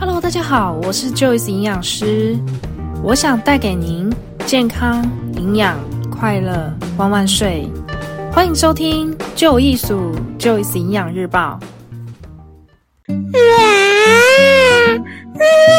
Hello，大家好，我是 Joyce 營養師，我想帶給您健康、營養、快樂，萬萬歲！歡迎收聽舊藝術 Joyce 營養日報。啊啊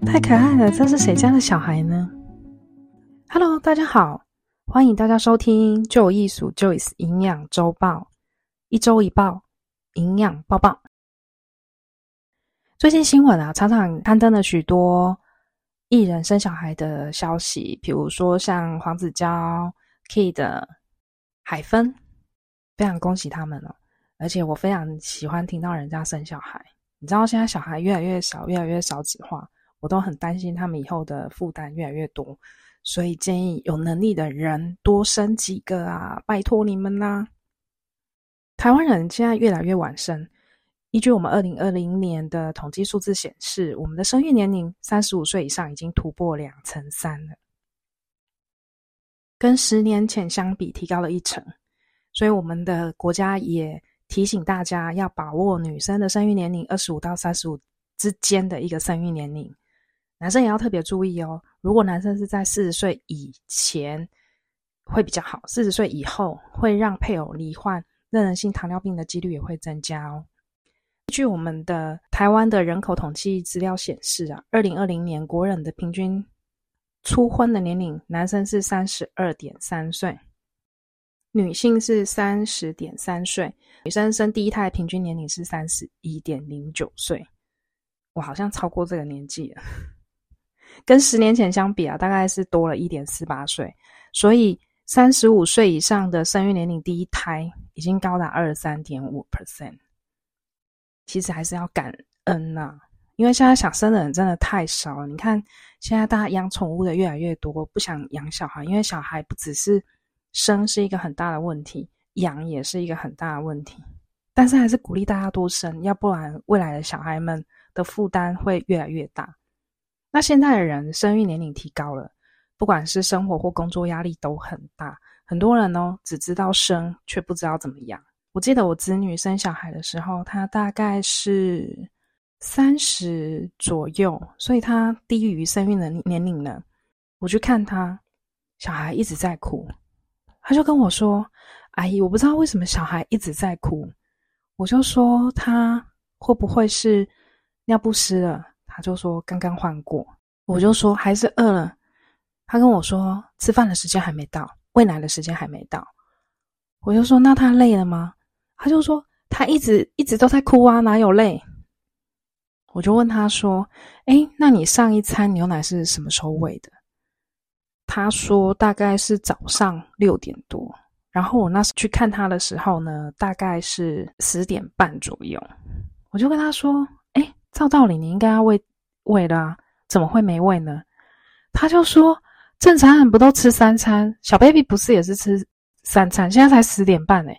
太可愛了！這是誰家的小孩呢？Hello，大家好，歡迎大家收聽《就藝術 Joyce 營養週報》，一周一報，營養報報。最近新聞啊，常常刊登了許多藝人生小孩的消息，比如說像黃子佼、Kid、海芬，非常恭喜他們了、哦。而且我非常喜歡聽到人家生小孩。你知道現在小孩越來越少，越來越少子化，我都很擔心他們以後的負擔越來越多，所以建議有能力的人多生幾個啊，拜托你們啦、啊！台灣人現在越來越晚生，依據我們二零二零年的統計數字顯示，我們的生育年齡三十五歲以上已經突破兩成三了，跟十年前相比提高了一成，所以我們的國家也。提醒大家要把握女生的生育年齡，二十五到三十五之間的一個生育年齡。男生也要特別注意哦。如果男生是在四十歲以前會比較好，四十歲以後會讓配偶罹患妊娠性糖尿病的幾率也會增加哦。據我們的台灣的人口統計資料顯示啊，二零二零年國人的平均初婚的年齡，男生是三十二點三歲。女性是三十點三歲，女生生第一胎平均年齡是三十一點零九歲，我好像超過這個年紀了。跟十年前相比啊，大概是多了一點四八歲。所以三十五歲以上的生育年齡第一胎已經高達二十三點五 percent。其實還是要感恩吶啊，因為現在想生的人真的太少了。你看現在大家養寵物的越來越多，不想養小孩，因為小孩不只是。生是一個很大的問題，養也是一個很大的問題，但是還是鼓勵大家多生，要不然未來的小孩們的負擔會越來越大。那現在的人生育年齡提高了，不管是生活或工作壓力都很大，很多人呢、哦、只知道生，却不知道怎麼養。我記得我子女生小孩的時候，他大概是三十左右，所以他低於生育年齡了。我去看他，小孩一直在哭。他就跟我說：“阿姨，我不知道為什麼小孩一直在哭。”我就說：“他會不會是尿布濕了？”他就說：“剛剛換過。”我就說：“還是餓了。”他跟我說：“吃飯的時間還沒到，餵奶的時間還沒到。”我就說：“那他累了嗎？”他就說：“他一直一直都在哭啊，哪有累？”我就問他說：“哎，那你上一餐牛奶是什麼時候餵的？”他說大概是早上六點多，然後我那時去看他的時候呢，大概是十點半左右。我就跟他說：“哎，照道理你應該要餵餵的啊，怎麼會沒餵呢？”他就說：“正常人不都吃三餐？小 baby 不是也是吃三餐？現在才十點半，哎，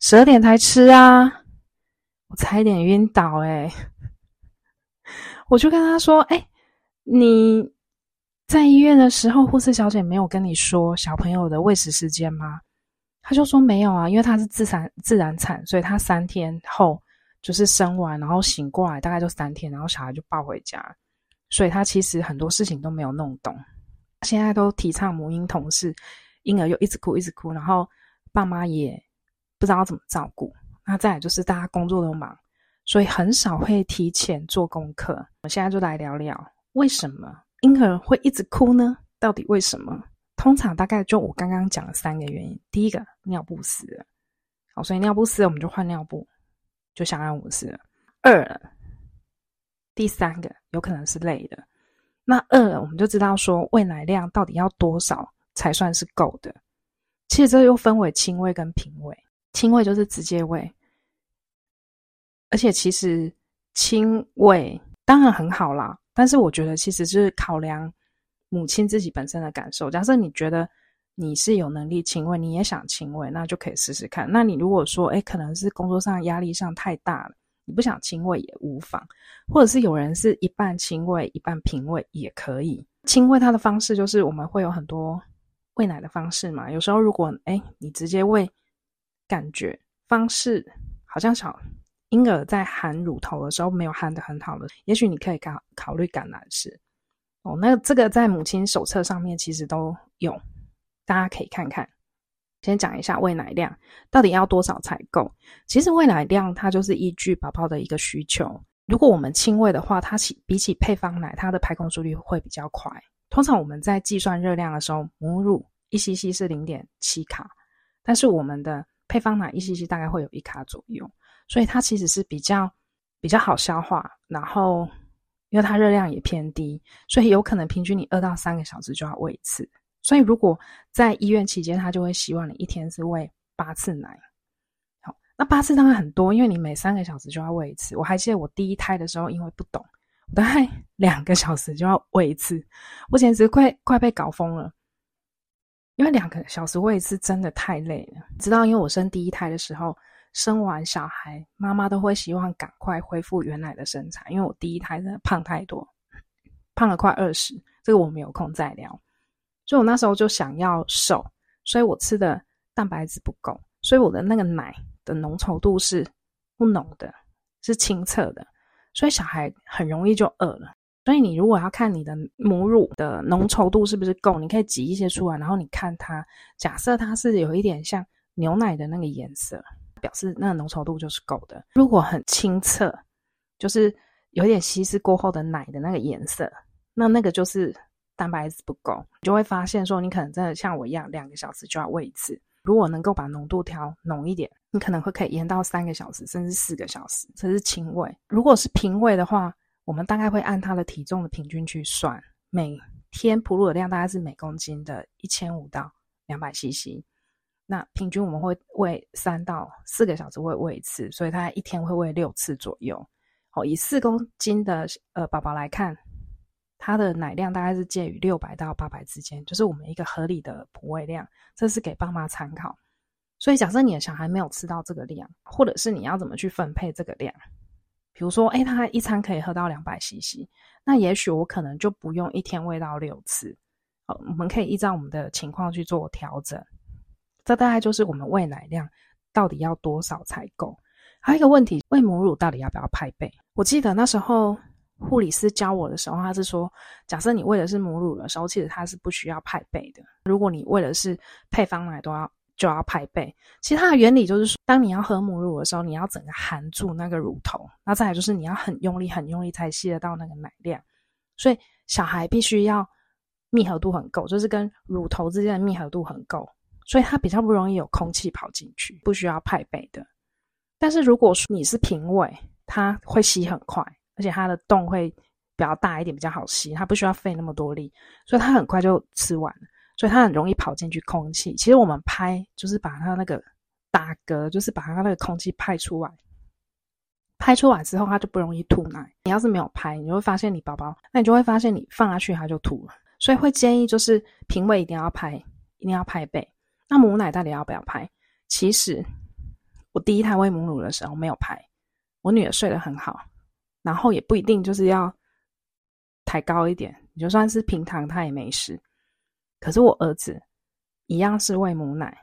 十二點才吃啊！我差一點暈倒，哎，我就跟他說：‘哎，你’。”在醫院的時候，護士小姐沒有跟你說小朋友的餵食時間嗎？他就說沒有啊，因為他是自然自然產，所以他三天後就是生完，然後醒過來大概就三天，然後小孩就抱回家，所以他其實很多事情都沒有弄懂。現在都提倡母嬰同室，嬰兒又一直哭一直哭，然後爸媽也不知道怎麼照顧。那再來就是大家工作都忙，所以很少會提前做功課。我現在就來聊聊為什麼。嬰兒會一直哭呢？到底為什麼？通常大概就我剛剛講了三個原因：第一個，尿布濕了，好、哦，所以尿布濕了我們就換尿布，就相安無事了；餓了，第三個有可能是累的。那餓了，我們就知道說餵奶量到底要多少才算是夠的。其實這又分為親餵跟瓶餵，親餵就是直接餵，而且其實親餵當然很好啦。但是我覺得，其實就是考量母親自己本身的感受。假設你覺得你是有能力親餵，你也想親餵，那就可以試試看。那你如果說，哎，可能是工作上壓力上太大了，你不想親餵也無妨。或者是有人是一半親餵，一半瓶餵也可以。親餵它的方式就是我們會有很多餵奶的方式嘛。有時候如果，哎，你直接餵，感覺，方式好像少。嬰兒在含乳頭的時候沒有含得很好的，也許你可以考考慮橄欖式哦。那這個在母親手冊上面其實都有，大家可以看看。先講一下餵奶量到底要多少才夠？其實餵奶量它就是依據寶寶的一個需求。如果我們親餵的話，它比比起配方奶它的排空速率會比較快。通常我們在計算熱量的時候，母乳一 cc 是零點七卡，但是我們的配方奶一 cc 大概會有一卡左右。所以它其實是比較比較好消化，然後因為它熱量也偏低，所以有可能平均你二到三個小時就要餵一次。所以如果在醫院期間，他就會希望你一天是餵八次奶。好，那八次當然很多，因為你每三個小時就要餵一次。我還記得我第一胎的時候，因為不懂，我大概兩個小時就要餵一次，我簡直快快被搞瘋了，因為兩個小時餵一次真的太累了。直到因為我生第一胎的時候。生完小孩，媽媽都會希望趕快恢復原來的身材。因為我第一胎真的胖太多，胖了快二十，這個我沒有空再聊。所以我那時候就想要瘦，所以我吃的蛋白質不夠，所以我的那個奶的濃稠度是不濃的，是清澈的，所以小孩很容易就餓了。所以你如果要看你的母乳的濃稠度是不是夠，你可以擠一些出來，然後你看它，假設它是有一點像牛奶的那個顏色。表示那個濃稠度就是夠的。如果很清澈，就是有點稀釋過後的奶的那個顏色，那那個就是蛋白質不夠。你就會發現說，你可能真的像我一樣，兩個小時就要餵一次。如果能夠把濃度調濃一點，你可能會可以延到三個小時甚至四個小時，這是親餵。如果是瓶餵的話，我們大概會按它的體重的平均去算，每天哺乳的量大概是每公斤的一千五到兩百 cc。那平均我們會餵三到四個小時餵餵一次，所以他一天會餵六次左右。哦，以四公斤的呃寶寶來看，他的奶量大概是介於六百到八百之間，就是我們一個合理的哺餵量，這是給爸媽參考。所以假設你的小孩沒有吃到這個量，或者是你要怎麼去分配這個量，比如說，誒、欸，他一餐可以喝到兩百 CC，那也許我可能就不用一天餵到六次，好，我們可以依照我們的情況去做調整。這大概就是我們餵奶量到底要多少才夠？還有一個問題，餵母乳到底要不要拍背？我記得那時候護理師教我的時候，他是說，假設你餵的是母乳的時候，其實它是不需要拍背的。如果你餵的是配方奶，都要就要拍背。其實它的原理就是說，當你要喝母乳的時候，你要整個含住那個乳頭，那再來就是你要很用力、很用力才吸得到那個奶量。所以小孩必須要密合度很夠，就是跟乳頭之間的密合度很夠。所以它比較不容易有空氣跑進去，不需要拍背的。但是如果說你是瓶餵，它會吸很快，而且它的洞會比較大一點，比較好吸，它不需要費那麼多力，所以它很快就吃完了。所以它很容易跑進去空氣。其實我們拍就是把它那個打嗝，就是把它那個空氣拍出來，拍出來之後它就不容易吐奶。你要是沒有拍，你就會發現你寶寶，那你就會發現你放下去它就吐了。所以會建議就是瓶餵一定要拍，一定要拍背。那母奶到底要不要拍？其實我第一胎餵母乳的時候沒有拍，我女兒睡得很好，然後也不一定就是要抬高一點，你就算是平躺她也沒事。可是我兒子一樣是餵母奶，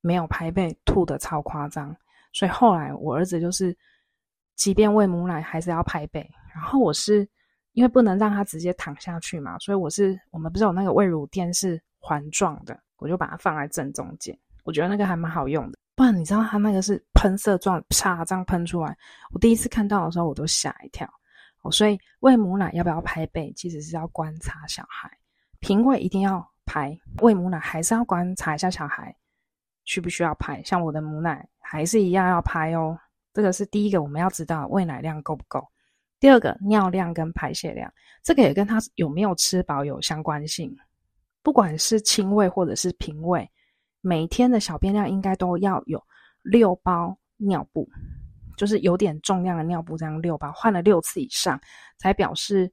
沒有拍背，吐得超誇張，所以後來我兒子就是，即便餵母奶還是要拍背。然後我是因為不能讓他直接躺下去嘛，所以我是我們不是有那個餵乳墊是。環狀的，我就把它放在正中間。我覺得那個還蠻好用的。不然你知道它那個是噴射狀，啪這樣噴出來。我第一次看到的時候，我都嚇一跳。哦，所以餵母奶要不要拍背，其實是要觀察小孩。瓶餵，一定要拍，餵母奶還是要觀察一下小孩需不需要拍。像我的母奶，還是一樣要拍哦。這個是第一個，我們要知道餵奶量夠不夠。第二個尿量跟排泄量，這個也跟他有沒有吃飽有相關性。不管是親餵或者是瓶餵，每天的小便量應該都要有六包尿布，就是有點重量的尿布，這樣六包換了六次以上，才表示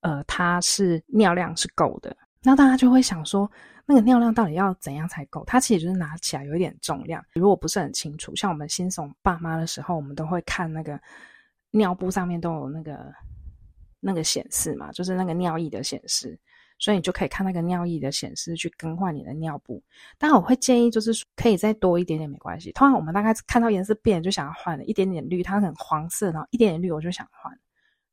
呃，它是尿量是夠的。那大家就會想說，那個尿量到底要怎樣才夠？它其實就是拿起來有一點重量。如果不是很清楚，像我們新手爸媽的時候，我們都會看那個尿布上面都有那個那個顯示嘛，就是那個尿液的顯示。所以你就可以看那個尿液的顯示去更換你的尿布。但我會建議，就是說可以再多一點點，沒關係。通常我們大概看到顏色變了，就想要換了，一點點綠，它很黃色，然後一點點綠，我就想換。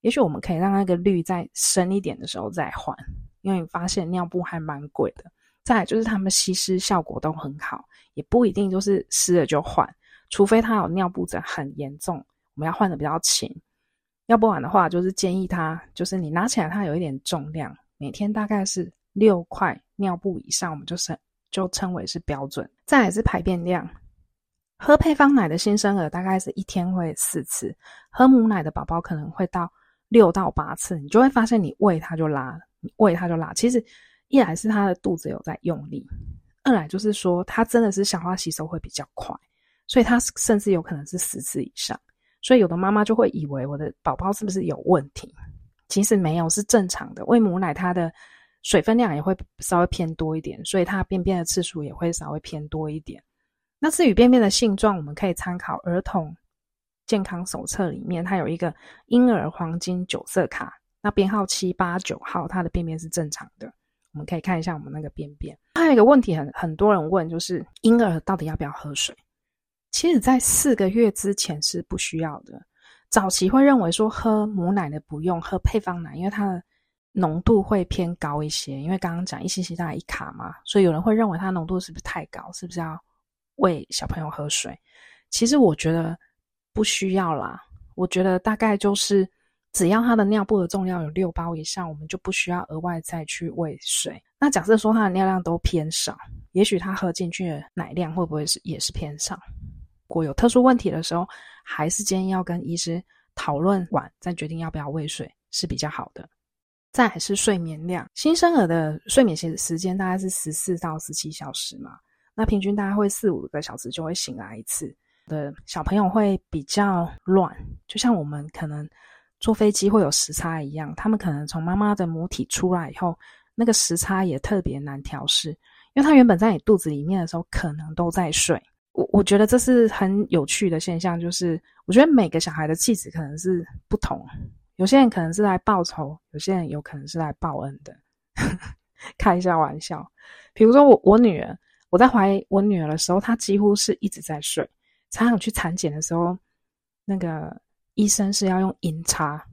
也許我們可以讓那個綠再深一點的時候再換，因為你發現尿布還蠻貴的。再來就是它們吸濕效果都很好，也不一定就是濕了就換，除非它有尿布疹很嚴重，我們要換的比較勤。要不然的話，就是建議它，就是你拿起來它有一點重量。每天大概是六塊尿布以上，我們就稱、是、就稱為是標準。再來是排便量，喝配方奶的新生兒大概是一天會四次，喝母奶的寶寶可能會到六到八次。你就會發現，你餵他就拉，你餵他就拉。其實，一來是他的肚子有在用力，二來就是說他真的是消化吸收會比較快，所以他甚至有可能是十次以上。所以有的媽媽就會以為，我的寶寶是不是有問題？其實沒有，是正常的，餵母奶它的水分量也會稍微偏多一點，所以它便便的次數也會稍微偏多一點。那至於便便的性狀，我們可以參考兒童健康手冊裡面，它有一個嬰兒黃金九色卡，那編號七八九號，它的便便是正常的。我們可以看一下我們那個便便。還有一個問題很很多人問，就是嬰兒到底要不要喝水？其實，在四個月之前是不需要的。早期會認為說喝母奶的不用喝配方奶，因為它的濃度會偏高一些。因為剛剛講一星期大概一卡嘛，所以有人會認為它濃度是不是太高，是不是要餵小朋友喝水？其實我覺得不需要啦。我覺得大概就是只要他的尿布的重量有六包以上，我們就不需要額外再去餵水。那假設說它的尿量都偏少，也許他喝進去的奶量會不會是也是偏少？如果有特殊問題的時候，還是建議要跟醫師討論完再決定要不要餵水是比較好的。再來是睡眠量，新生兒的睡眠時時間大概是十四到十七小時嘛，那平均大概會四五個小時就會醒來一次。的小朋友會比較亂，就像我們可能坐飛機會有時差一樣，他們可能從媽媽的母體出來以後，那個時差也特別難調試，因為他原本在你肚子裡面的時候可能都在睡。我我覺得這是很有趣的現象，就是我覺得每個小孩的氣質可能是不同啊，有些人可能是來報仇，有些人有可能是來報恩的， 開一下玩笑。比如說我我女兒，我在懷我女兒的時候，她幾乎是一直在睡。常常去產檢的時候，那個醫生是要用音叉，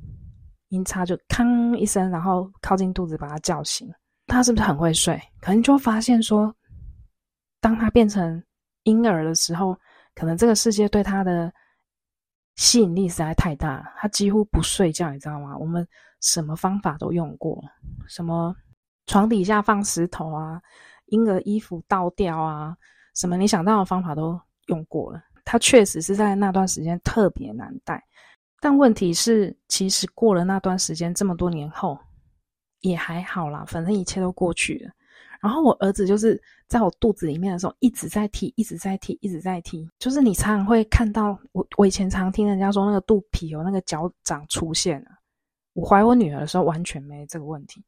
音叉就吭一聲，然後靠近肚子把她叫醒。她是不是很會睡？可能就發現說，當她變成。嬰兒的時候，可能這個世界對他的吸引力實在太大，他幾乎不睡覺，你知道嗎？我們什麼方法都用過，什麼床底下放石頭啊，嬰兒衣服倒掉啊，什麼你想到的方法都用過了。他確實是在那段時間特別難帶，但問題是，其實過了那段時間，這麼多年後也還好啦，反正一切都過去了。然後我兒子就是在我肚子裡面的時候，一直在踢，一直在踢，一直在踢。就是你常常會看到我，我以前常聽人家說那個肚皮有、哦、那個腳掌出現啊。我懷我女兒的時候完全沒這個問題。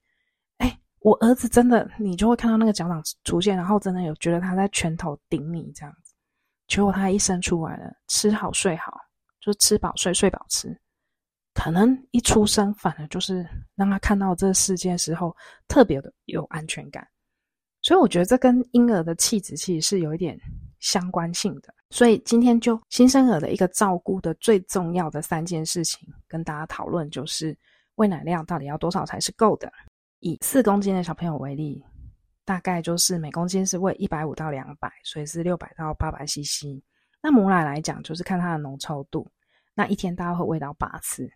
哎，我兒子真的，你就會看到那個腳掌出現，然後真的有覺得他在拳頭頂你這樣子。結果他一生出來了，吃好睡好，就是吃飽睡，睡飽吃。可能一出生，反而就是讓他看到這個世界的時候特別的有安全感。所以我覺得這跟嬰兒的氣質其實是有一點相關性的。所以今天就新生兒的一個照顧的最重要的三件事情，跟大家討論，就是餵奶量到底要多少才是夠的。以四公斤的小朋友為例，大概就是每公斤是餵一百五到兩百，所以是六百到八百 CC。那母奶來講，就是看它的濃稠度，那一天大概會餵到八次。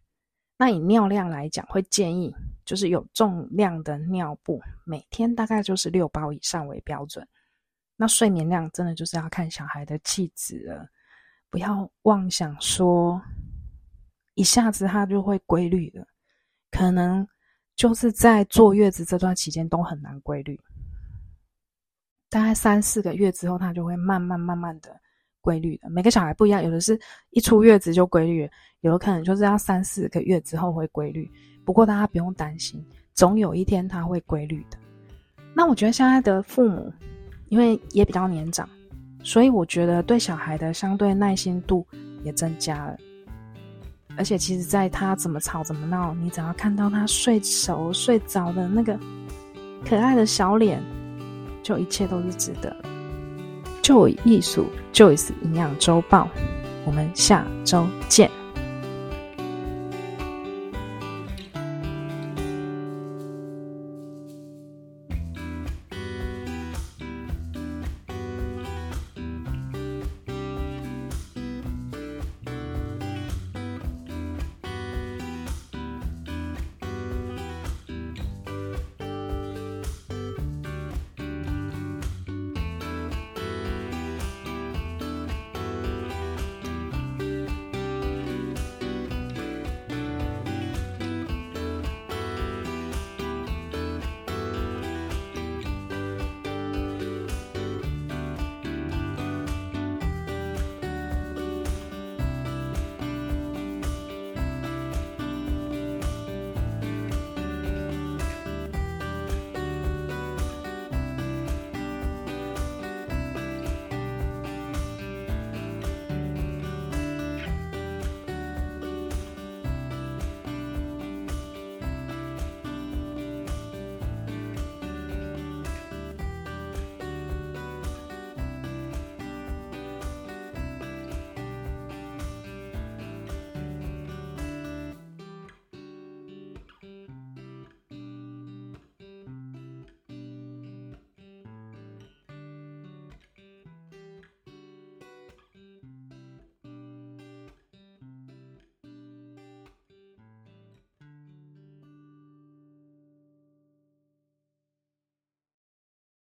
那以尿量來講，會建議就是有重量的尿布，每天大概就是六包以上為標準。那睡眠量真的就是要看小孩的氣質了，不要妄想說一下子他就會規律了，可能就是在坐月子這段期間都很難規律，大概三四個月之後，他就會慢慢慢慢的規律的，每個小孩不一樣，有的是一出月子就規律了，有的可能就是要三四個月之後會規律。不過大家不用擔心，總有一天他會規律的。那我覺得現在的父母，因為也比較年長，所以我覺得對小孩的相對耐心度也增加了。而且，其實在他怎麼吵怎麼鬧，你只要看到他睡熟睡着的那個可愛的小臉，就一切都是值得。Joy 藝術 Joyce 營養週報，我們下週見。